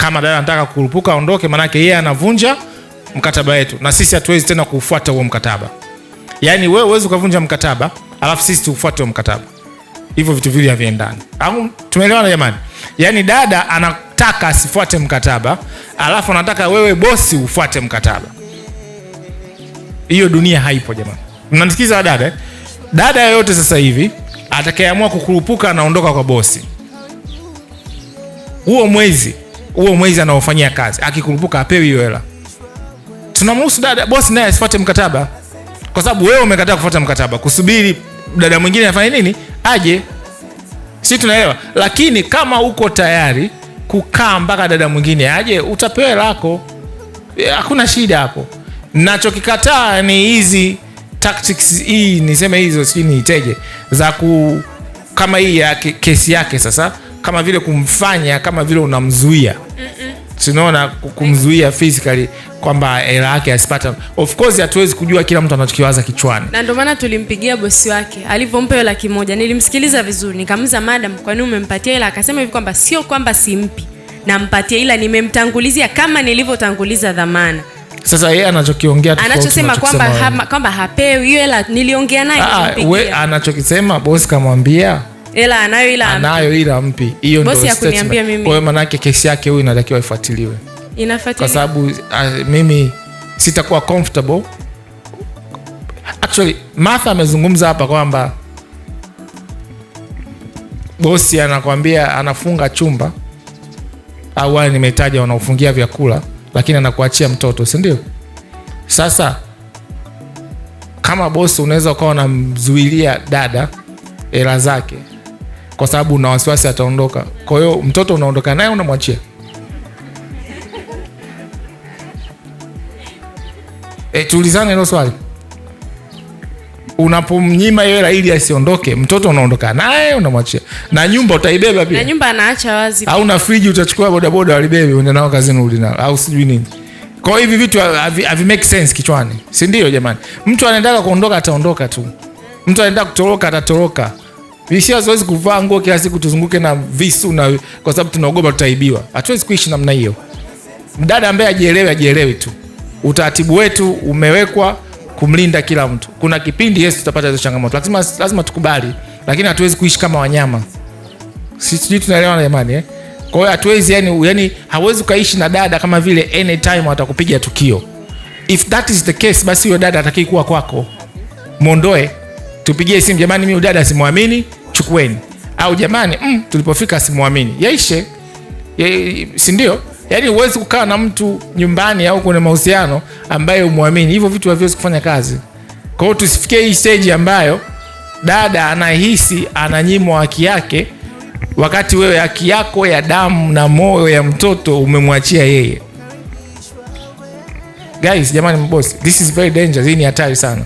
Kama dada anataka kulupuka aondoke, maanake yeye anavunja mkataba wetu na sisi hatuwezi tena kuufuata huo mkataba. Yaani wewe huwezi ukavunja mkataba alafu sisi tuufuate huo mkataba, hivyo vitu vile haviendani. Au tumeelewana jamani? Yaani dada anataka asifuate mkataba alafu anataka wewe bosi ufuate mkataba. Hiyo dunia haipo jamani. Mnanisikiza dada? Eh? Dada yoyote sasa hivi atakayeamua kukurupuka anaondoka kwa bosi huo mwezi huo mwezi anaofanyia kazi, akikurupuka apewi hiyo hela. Tunamruhusu dada bosi naye asifuate mkataba, kwa sababu wewe umekataa kufuata mkataba, kusubiri dada mwingine afanye nini, aje. Si tunaelewa? Lakini kama uko tayari kukaa mpaka dada mwingine aje, utapewa hela yako, eh, hakuna shida hapo. Nachokikataa ni hizi tactics hii, niseme hizo, si niiteje, za ku kama hii ya kesi yake sasa, kama vile kumfanya kama vile unamzuia tunaona kumzuia physically kwamba hela yake asipata. Of course hatuwezi kujua kila mtu anachokiwaza kichwani, na ndio maana tulimpigia bosi wake alivyompa hiyo laki moja. Nilimsikiliza vizuri, nikamuza madam, kwa nini umempatia hela? Akasema hivi kwamba sio kwamba simpi, nampatia, ila nimemtangulizia kama nilivyotanguliza dhamana. Sasa yeye anachokiongea anachosema kwamba kwamba hapewi hiyo hela, niliongea naye, ah, anachokisema bosi kamwambia ila anayo ila anayo ila mpi. Hiyo ndio statement. Kwa hiyo manake kesi yake huyu inatakiwa ifuatiliwe, inafuatiliwa kwa sababu uh, mimi sitakuwa comfortable actually. Martha amezungumza hapa kwamba bosi anakwambia anafunga chumba au wale nimetaja wanaofungia vyakula, lakini anakuachia mtoto, si ndio? Sasa kama bosi unaweza ukawa unamzuilia dada hela zake kwa sababu una wasiwasi ataondoka. Kwa hiyo mtoto unaondoka naye, unamwachia E, tuulizane hilo swali. Unapomnyima hela ili asiondoke, mtoto unaondoka naye unamwachia, na nyumba utaibeba pia, na nyumba anaacha wazi, au na friji utachukua bodaboda walibebe, uende nao kazini, urudi nao au sijui nini. Kwa hivi vitu havi make sense kichwani, si ndio jamani? Mtu anaendaka kuondoka ataondoka tu, mtu anaenda kutoroka atatoroka, sisi hatuwezi kuvaa nguo kila siku tuzunguke na visu na, kwa sababu tunaogopa tutaibiwa. Hatuwezi kuishi namna hiyo. Mdada ambaye ajielewe ajielewe tu. Utaratibu wetu umewekwa kumlinda kila mtu. Kuna kipindi Yesu tutapata hizo changamoto, lazima, lazima tukubali, lakini hatuwezi kuishi kama wanyama. Sisi na jamani eh? Kwa hiyo hatuwezi yani, yani hawezi ukaishi na dada kama vile anytime atakupiga tukio. If that is the case, basi huyo dada atakayekuwa kwako mwondoe, tupigie simu jamani, mimi dada simwamini chukueni, au jamani, mm, tulipofika simwamini, yaishe ya, si ndio? Yaani huwezi kukaa na mtu nyumbani au kuna mahusiano ambaye umwamini, hivyo vitu haviwezi kufanya kazi. Kwa hiyo tusifikie hii stage ambayo dada anahisi ananyimwa haki yake, wakati wewe haki yako ya damu na moyo ya mtoto umemwachia yeye. Guys, jamani, mbosi, this is very dangerous. Hii ni hatari sana,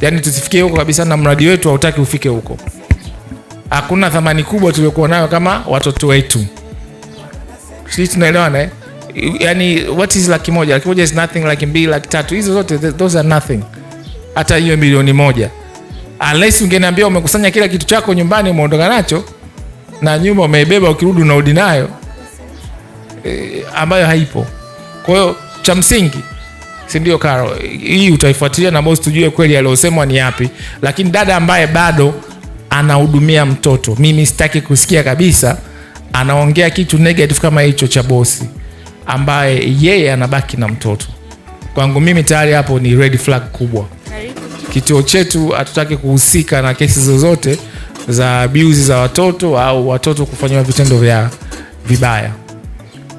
yaani tusifikie huko kabisa, na mradi wetu hautaki ufike huko hakuna thamani kubwa tuliokuwa nayo kama watoto wetu. Sisi tunaelewana eh? Yani, what is laki moja? Laki moja is nothing. Laki mbili, laki tatu, hizo zote those are nothing. Hata hiyo milioni moja, unless ungeniambia umekusanya kila kitu chako nyumbani umeondoka nacho na nyuma umeibeba, ukirudi unarudi nayo e, ambayo haipo. Kwa hiyo cha msingi, si ndio Karo, hii utaifuatilia na boss tujue kweli aliyosemwa ni yapi, lakini dada ambaye bado anahudumia mtoto. Mimi sitaki kusikia kabisa anaongea kitu negative kama hicho cha bosi ambaye yeye anabaki na mtoto. Kwangu mimi tayari hapo ni red flag kubwa. Kituo chetu hatutaki kuhusika na kesi zozote za abuse za watoto au watoto kufanyiwa vitendo vya vibaya.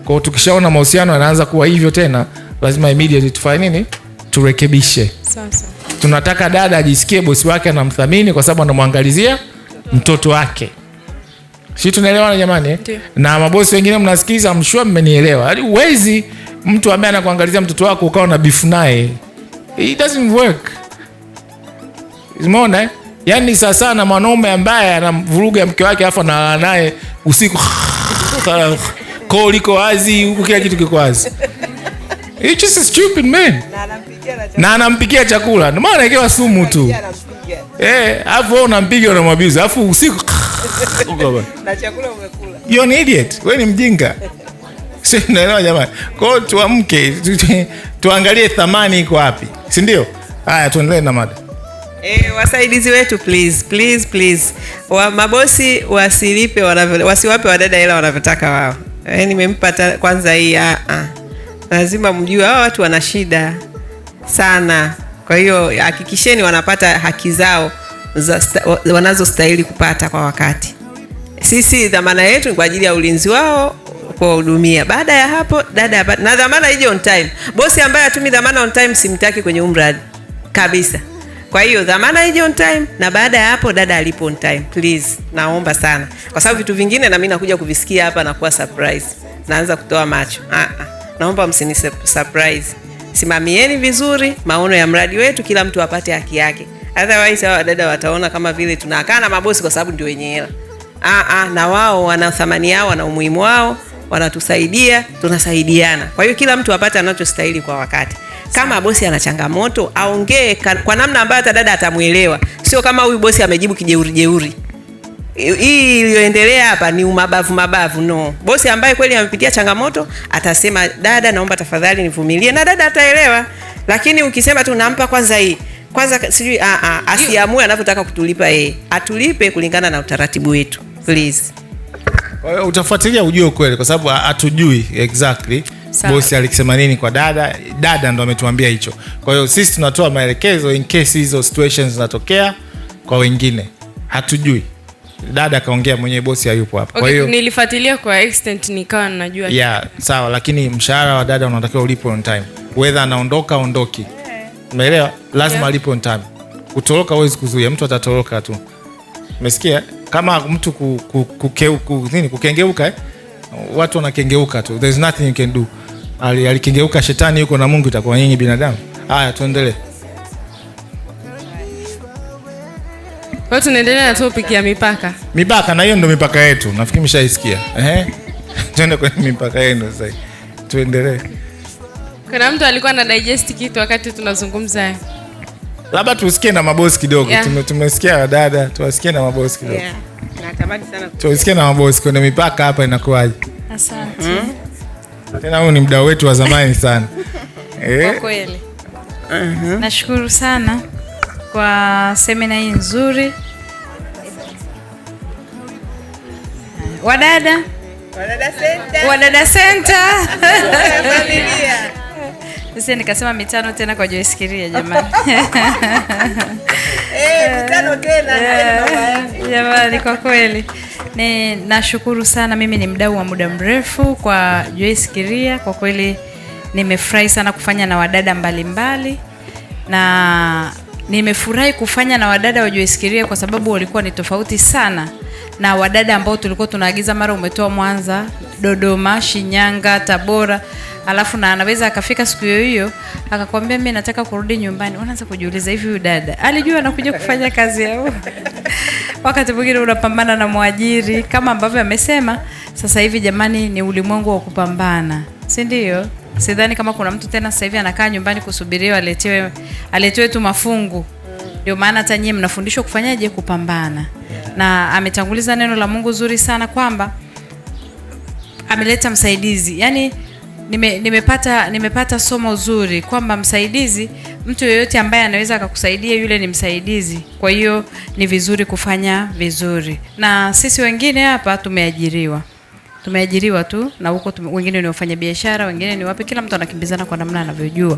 Kwao tukishaona mahusiano yanaanza kuwa hivyo tena, lazima immediately tufanye nini? Turekebishe. Sawa tunataka dada ajisikie bosi wake anamthamini kwa sababu anamwangalizia mtoto wake. Si tunaelewana jamani? Eh? Ndi. Na mabosi wengine mnasikiliza, mshua mmenielewa. uwezi mtu ambaye anakuangalizia mtoto wako ukawa na bifu naye. It doesn't work. Umeona? Eh? Yaani sasa na mwanaume ambaye anamvuruga mke wake afa analala naye usiku koo liko wazi, huku kila kitu kiko wazi. man na anampikia chakula, ndio maana ikiwa sumu tu eh, alafu wewe unampiga unamwabiza, alafu usiku na chakula umekula. You an idiot, wewe ni mjinga. Si naelewa jamani? Kwa hiyo tuamke, tu, tu, tuangalie thamani iko wapi, si ndio? Haya, tuendelee na mada. E, wasaidizi wetu please, please, please. Wa, mabosi wasilipe wanavyo, wasiwape wadada hela wanavyotaka wao. E, nimempa kwanza hii a ah, a, ah. lazima mjue hawa watu wana shida sana. Kwa hiyo hakikisheni wanapata haki zao wanazostahili kupata kwa wakati. Sisi dhamana yetu ni kwa ajili ya ulinzi wao, kuwahudumia. Baada ya hapo dada, na dhamana ije on time. Bosi ambaye atumi dhamana on time simtaki kwenye umradi kabisa. Kwa hiyo dhamana ije on time, na baada ya hapo dada alipo on time, please, naomba sana, kwa sababu vitu vingine na mimi nakuja kuvisikia hapa, na kuwa surprise, naanza kutoa macho. Ah, ah, naomba msini surprise simamieni vizuri maono ya mradi wetu, kila mtu apate haki yake. Otherwise hawa dada wataona kama vile tunakaa na mabosi kwa sababu ndio wenye hela. Ah, ah, na wao wana thamani yao, wana umuhimu wao, wanatusaidia, tunasaidiana. Kwa hiyo kila mtu apate anachostahili kwa wakati. Kama bosi ana changamoto aongee kwa namna ambayo hata dada atamwelewa, sio kama huyu bosi amejibu kijeuri jeuri hii iliyoendelea hapa ni umabavu mabavu. No, bosi ambaye kweli amepitia changamoto atasema dada, naomba tafadhali nivumilie, na dada ataelewa. Lakini ukisema tu nampa kwanza hii kwanza sijui a a asiamue anavyotaka kutulipa yeye, atulipe kulingana na utaratibu wetu please. Utafuatilia ujue kweli, kwa sababu hatujui exactly bosi alikisema nini kwa dada. Dada ndo ametuambia hicho, kwa hiyo sisi tunatoa maelekezo in case hizo situations zinatokea kwa wengine, hatujui dada akaongea mwenyewe, bosi hayupo hapa. Kwa hiyo nilifuatilia kwa extent nikawa najua. Yeah, sawa, lakini mshahara wa dada unatakiwa ulipo on time. Whether anaondoka ondoki. Umeelewa? Lazima yeah, alipo on time. Kutoroka huwezi kuzuia, mtu atatoroka tu. Umesikia? Kama mtu ku, ku, ku, ku, ku, nini kukengeuka eh? Watu wanakengeuka tu. There's nothing you can do. Alikengeuka shetani yuko na Mungu itakuwa nyinyi binadamu. Haya, tuendelee. Kwa hiyo tunaendelea na topic ya mipaka. Mipaka na hiyo ndio mipaka yetu. Nafikiri mshaisikia. Eh. Tuende kwenye mipaka yenu sasa. Tuendelee. Kuna mtu alikuwa ana digest kitu wakati tunazungumza. Labda tusikie na mabosi kidogo. Yeah. Tume, tumesikia wadada, tuwasikie na mabosi kidogo. Yeah. Natamani sana. Tuwasikie na mabosi kwenye mipaka hapa inakuwaje? Asante. Hmm? Tena huyu ni mdau wetu wa zamani sana. Eh. Kwa kweli. Uh -huh. Nashukuru sana kwa semina hii nzuri. Wadada Wadada Center sisi nikasema mitano tena kwa Joyce Kiria jamani. Eh, mitano tena. Jamani kwa kweli ni nashukuru sana, mimi ni mdau wa muda mrefu kwa Joyce Kiria. Kwa kweli nimefurahi sana kufanya na wadada mbalimbali mbali, na Nimefurahi kufanya na wadada wa kwa sababu walikuwa ni tofauti sana na wadada ambao tulikuwa tunaagiza, mara umetoa Mwanza, Dodoma, Shinyanga, Tabora, alafu na anaweza akafika siku hiyo hiyo akakwambia mimi nataka kurudi nyumbani. Unaanza kujiuliza hivi, huyu dada alijua anakuja kufanya kazi yao? Wakati mwingine unapambana na mwajiri kama ambavyo amesema sasa hivi. Jamani, ni ulimwengu wa kupambana, si ndio? Sidhani kama kuna mtu tena sasa hivi anakaa nyumbani kusubiriwa aletewe aletewe tu mafungu. Ndio maana hata nyie mnafundishwa kufanyaje kupambana. Na ametanguliza neno la Mungu zuri sana kwamba ameleta msaidizi. yani nime, nimepata nimepata somo zuri kwamba msaidizi, mtu yeyote ambaye anaweza akakusaidia yule ni msaidizi. Kwa hiyo ni vizuri kufanya vizuri, na sisi wengine hapa tumeajiriwa tumeajiriwa tu na huko tume, wengine ni wafanya biashara wengine ni wapi, kila mtu anakimbizana kwa namna anavyojua.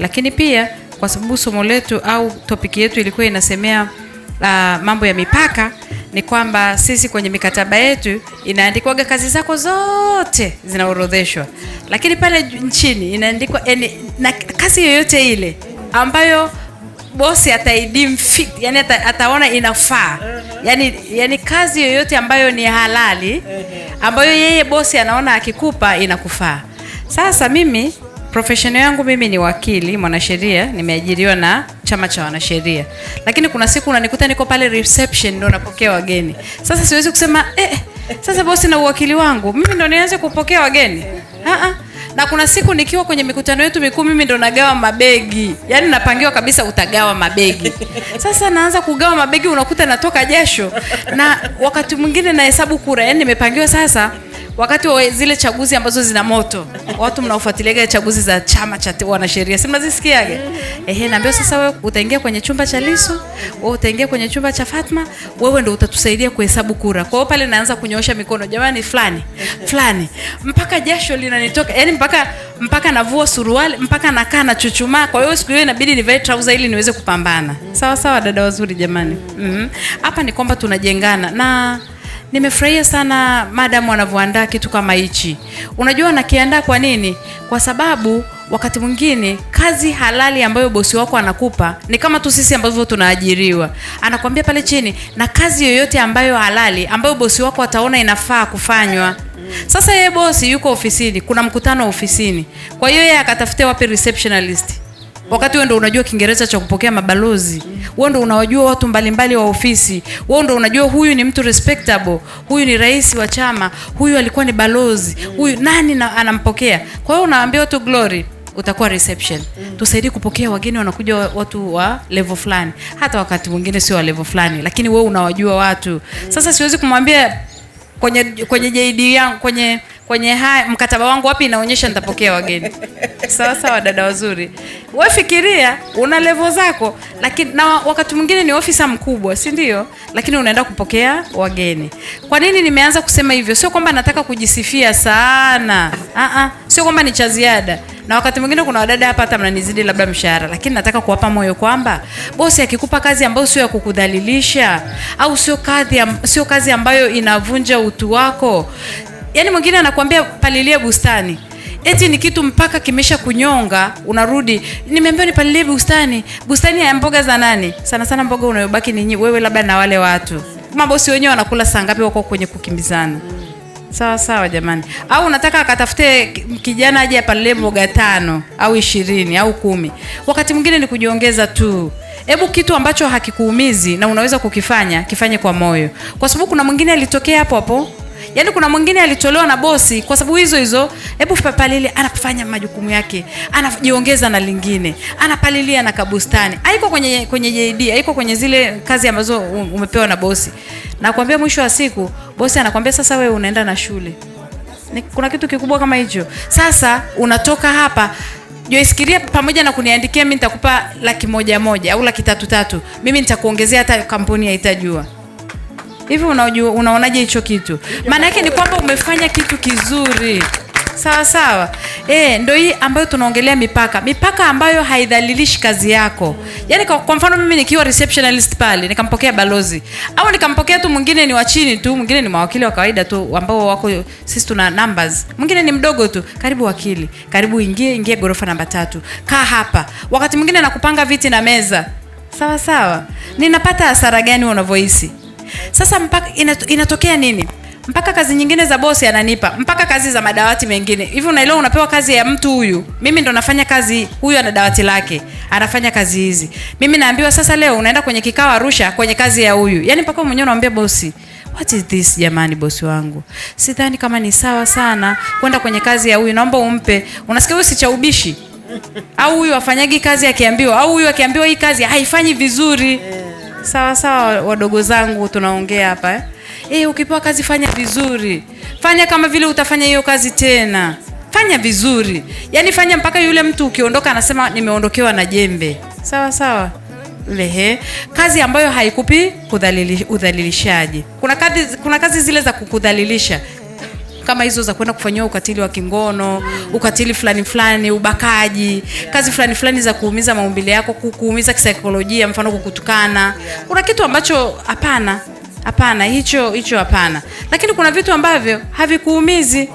Lakini pia kwa sababu somo letu au topiki yetu ilikuwa inasemea uh, mambo ya mipaka, ni kwamba sisi kwenye mikataba yetu inaandikwaga kazi zako zote zinaorodheshwa, lakini pale nchini inaandikwa na kazi yoyote ile ambayo bosi ataidim fit, yani ata, ataona inafaa uh-huh. yani, yani kazi yoyote ambayo ni halali uh-huh. ambayo yeye bosi anaona akikupa inakufaa. Sasa mimi profession yangu mimi ni wakili mwanasheria, nimeajiriwa na chama cha wanasheria, lakini kuna siku unanikuta niko pale reception ndo napokea wageni. Sasa siwezi kusema eh, eh, sasa bosi na uwakili wangu mimi ndo nianze kupokea wageni uh-huh na kuna siku nikiwa kwenye mikutano yetu mikuu, mimi ndo nagawa mabegi, yaani napangiwa kabisa, utagawa mabegi. Sasa naanza kugawa mabegi, unakuta natoka jasho, na wakati mwingine nahesabu kura, yaani nimepangiwa sasa wakati wa zile chaguzi ambazo zina moto, watu mnaofuatiliaga chaguzi za chama cha wanasheria, si mnazisikiaga? Ehe, naambia sasa, wewe utaingia kwenye chumba cha Lisu, wewe utaingia kwenye chumba cha Fatma, wewe ndio utatusaidia kuhesabu kura. Kwa hiyo pale naanza kunyoosha mikono, jamani, fulani fulani, mpaka jasho linanitoka, yani mpaka mpaka navua suruali, mpaka nakaa na chuchumaa. Kwa hiyo siku hiyo inabidi nivae trouser ili niweze kupambana. Sawa sawa, dada wazuri, jamani. mm-hmm. Hapa ni kwamba tunajengana na Nimefurahia sana madam wanavyoandaa kitu kama hichi. Unajua nakiandaa kwa nini? Kwa sababu wakati mwingine kazi halali ambayo bosi wako anakupa ni kama tu sisi ambavyo tunaajiriwa, anakwambia pale chini, na kazi yoyote ambayo halali ambayo bosi wako ataona inafaa kufanywa. Sasa yeye bosi yuko ofisini, kuna mkutano ofisini, kwa hiyo yeye akatafutia wapi receptionist wakati wewe ndio unajua Kiingereza cha kupokea mabalozi, wewe ndio unawajua watu mbalimbali wa ofisi, wewe ndio unajua huyu ni mtu respectable, huyu ni rais wa chama, huyu alikuwa ni balozi, huyu nani na, anampokea. Kwa hiyo unawaambia watu Glory utakuwa reception mm. Tusaidie kupokea wageni wanakuja watu wa level fulani, hata wakati mwingine sio wa level fulani, lakini wewe unawajua watu mm. Sasa siwezi kumwambia kwenye kwenye JD yangu kwenye kwenye haya mkataba wangu wapi inaonyesha nitapokea wageni sawa sawa. Dada wazuri, wewe fikiria una levo zako, lakini na wakati mwingine ni ofisa mkubwa, si ndio? Lakini unaenda kupokea wageni. Kwa nini nimeanza kusema hivyo? Sio kwamba nataka kujisifia sana, ah ah, sio kwamba ni cha ziada na wakati mwingine kuna wadada hapa hata mnanizidi labda mshahara, lakini nataka kuwapa moyo kwamba bosi akikupa kazi ambayo sio ya kukudhalilisha au sio kazi, sio kazi ambayo inavunja utu wako, Yaani mwingine anakuambia palilie bustani eti ni kitu mpaka kimesha kunyonga, unarudi nimeambiwa nipalilie bustani. Bustani ya mboga za nani? Sana sana mboga unayobaki ni wewe, labda na wale watu mabosi wenyewe wanakula saa ngapi? Wako kwenye kukimbizana. Sawa sawa, jamani. Au unataka akatafute kijana aje apalilie mboga tano au ishirini au kumi? Wakati mwingine ni kujiongeza tu. Hebu kitu ambacho hakikuumizi na unaweza kukifanya, kifanye kwa moyo, kwa sababu kuna mwingine alitokea hapo hapo Yaani kuna mwingine alitolewa na bosi kwa sababu hizo hizo. Hebu papalili anafanya majukumu yake, anajiongeza na lingine, anapalilia na kabustani. Haiko kwenye kwenye JD, haiko kwenye zile kazi ambazo umepewa na bosi. Nakwambia mwisho wa siku bosi anakwambia sasa, wewe unaenda na shule. Ni, kuna kitu kikubwa kama hicho. Sasa unatoka hapa Joisikiria pamoja na kuniandikia mimi nitakupa laki moja moja au laki tatu tatu. Mimi nitakuongezea hata kampuni haitajua. Hivi unajua unaonaje hicho kitu? Maana yake ni kwamba umefanya kitu kizuri. Sawa sawa. Eh, ndio hii ambayo tunaongelea mipaka. Mipaka ambayo haidhalilishi kazi yako. Yaani kwa, kwa mfano mimi nikiwa receptionist pale, nikampokea balozi. Au nikampokea tu mwingine ni wa chini tu, mwingine ni mawakili wa kawaida tu ambao wako sisi tuna numbers. Mwingine ni mdogo tu. Karibu wakili. Karibu ingie ingie gorofa namba tatu. Kaa hapa. Wakati mwingine nakupanga viti na meza. Sawa sawa. Ninapata hasara gani unavyohisi? Sasa mpaka inatokea nini? Mpaka kazi nyingine za bosi ananipa, mpaka kazi za madawati mengine. Hivi unaelewa, unapewa kazi ya mtu huyu, mimi ndo nafanya kazi, huyu ana dawati lake, anafanya kazi hizi. Mimi naambiwa sasa, leo unaenda kwenye kikao Arusha kwenye kazi ya huyu. Yaani mpaka mwenyewe unaambia bosi, What is this jamani, bosi wangu, sidhani kama ni sawa sana kwenda kwenye kazi ya huyu, naomba umpe. Unasikia huyu si cha ubishi au huyu afanyagi kazi akiambiwa, au huyu akiambiwa hii kazi haifanyi vizuri sawa sawa, wadogo zangu tunaongea hapa eh? E, ukipewa kazi fanya vizuri, fanya kama vile utafanya hiyo kazi tena, fanya vizuri, yaani fanya mpaka yule mtu ukiondoka anasema nimeondokewa na jembe. Sawa sawa, lehe kazi ambayo haikupi udhalilishaji. Kuna kazi, kuna kazi zile za kukudhalilisha kama hizo za kwenda kufanyiwa ukatili wa kingono, ukatili fulani fulani, ubakaji, kazi fulani fulani za kuumiza maumbile yako, kuumiza kisaikolojia, mfano kukutukana. Kuna kitu ambacho hapana, hapana, hicho hicho hapana. Lakini kuna vitu ambavyo havikuumizi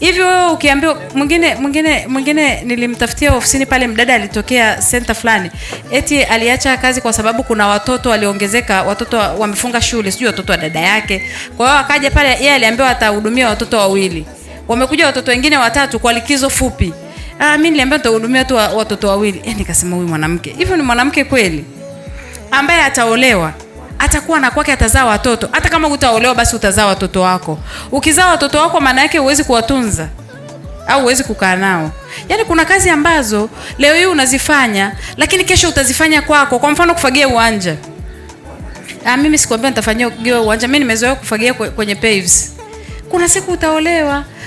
Hivyo wewe ukiambiwa mwingine mwingine mwingine nilimtafutia ofisini pale mdada alitokea center fulani. Eti aliacha kazi kwa sababu kuna watoto waliongezeka, watoto wamefunga shule, sijui watoto wa dada yake. Kwa hiyo akaja pale yeye aliambiwa atahudumia watoto wawili. Wamekuja watoto wengine watatu kwa likizo fupi. Ah, mimi niliambiwa nitahudumia tu watoto wawili. Eh, nikasema huyu mwanamke. Hivyo ni mwanamke kweli? Ambaye ataolewa atakuwa na kwake, atazaa watoto. Hata kama utaolewa, basi utazaa watoto wako. Ukizaa watoto wako, maana yake huwezi kuwatunza au huwezi kukaa nao. Yaani kuna kazi ambazo leo hii unazifanya, lakini kesho utazifanya kwako. Kwa mfano, kufagia uwanja. Ah, mimi sikwambia nitafanyia uwanja. Mimi nimezoea kufagia kwenye paves. Kuna siku utaolewa.